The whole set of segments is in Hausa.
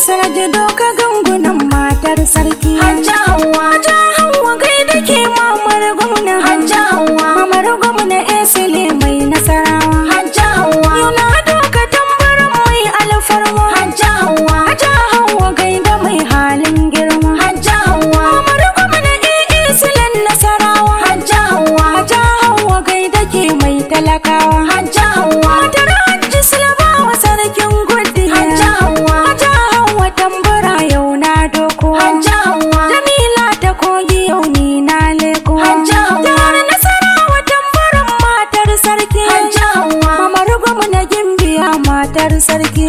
sarki doka gangunan matar sarki hajja hawa hajja hawa kai da ke mamar gwamnan hajja matar sarki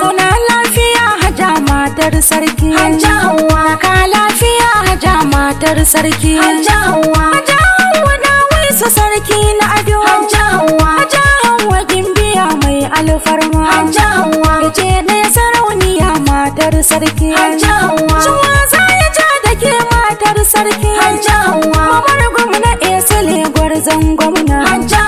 Suna lafiya haja matar sarki Ka lafiya haja matar sarki Haja hawa na waisu sarki na ado Haja hawa gimbiya mai alfarma Haja ce ɗaya sarauniya matar sarki Haja hawa Suwa za ya ja da ke matar sarki Haja hawa Mamar gwamna esile gwarzon gwamna Haja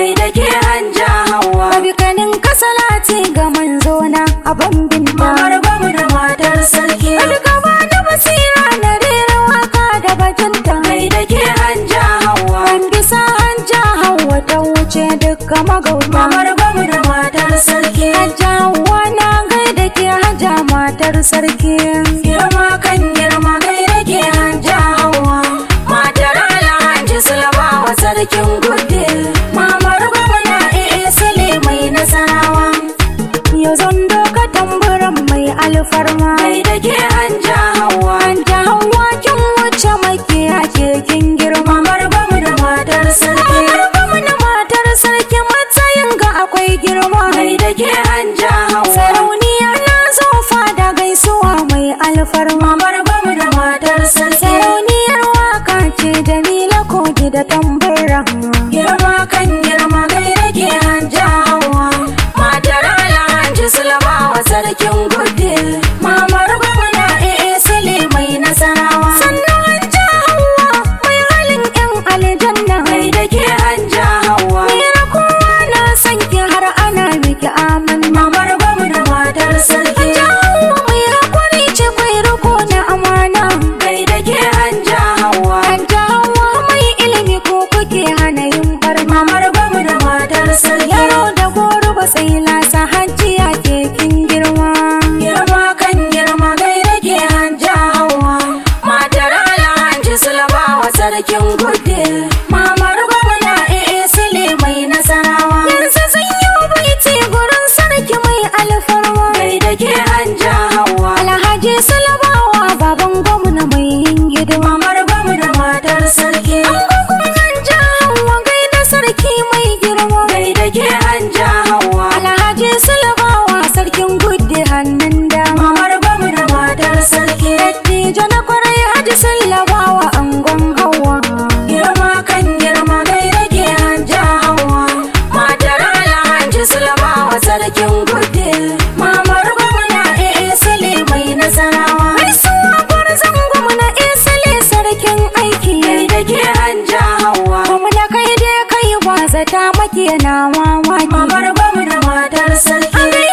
kai da ke hanja hawa dukkanin kasalati ga manzona a bambin mamar gwamu da matar sarki alkama na basira na rera waka da batun ta kai da ke hanja hawa an bisa hanja hawa ta wuce duka magauta mamar gwamu da matar sarki hanja hawa na gai da ke hanja matar sarki I'll farma sarkin gudu mamar gwamna ee sale mai nasarawa mai suwa gwarzon gwamna ee sarkin aiki kai da ke hanja hawa gwamna kai dai kai ba. ta make na mamaki mamar gwamna matar sarki